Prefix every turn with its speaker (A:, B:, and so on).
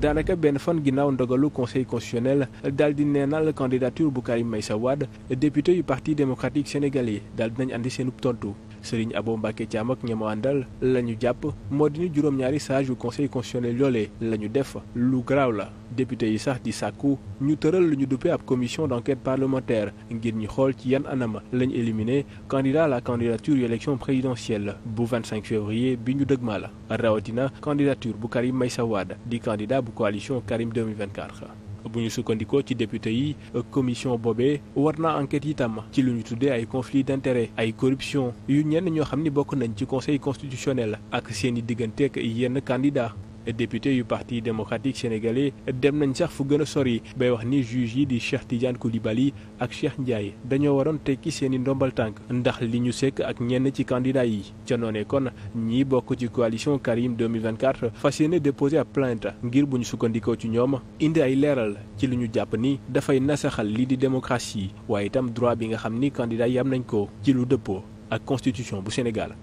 A: daanaka benn fan ginnaaw ndogalu conseil constitutionnel daal di neenal candidature bu may Meïssa Wade député yu parti démocratique sénégalais daal dinañ andi seen tontu Serigne Abo Mbacké Thiam ak ñamu àndal la ñu jàpp moo di ni juróom-ñaari sage yu conseil constitutionnel loolee la ñu def lu garaaw la député yi sax di sàkku ñu tëral lu ñu duppee ab commission d'enquête parlementaire ngir ñu xool ci yan anam lañ éliminé candidat à la candidature yu élection présidentielle bu 25 février bi ñu dëgmaa la rawatina candidature bu Karim Meïssa Wade di candidat bu coalition Karim 2024. bu ñu sukkandikoo ci député yi commission boobee war naa enquête itam ci lu ñu tuddee ay conflit d'intérêt ay corruption yu ñenn ñoo xam ni bokk nañ ci conseil constitutionnel ak seen i digganteeg yenn candidat député yu parti démocratique sénégalais dem nañ sax fu gën a sori bay wax ni juge yi di Cheikh Tidiane bali ak Cheikh Ndiaye dañoo waroon tekki seen i ndombal tànk ndax li ñu sekk ak ñenn ci candidat yi ca noonee kon ñi bokk ci coalition Karim 2024 fas yéene déposé ab plainte ngir bu ñu sukkandikoo ci ñoom indi ay leeral ci li ñu jàpp ni dafay nasaxal lii di démocratie waaye itam droit bi nga xam ni candidat yam nañ ko ci lu dëppoo ak constitution bu Sénégal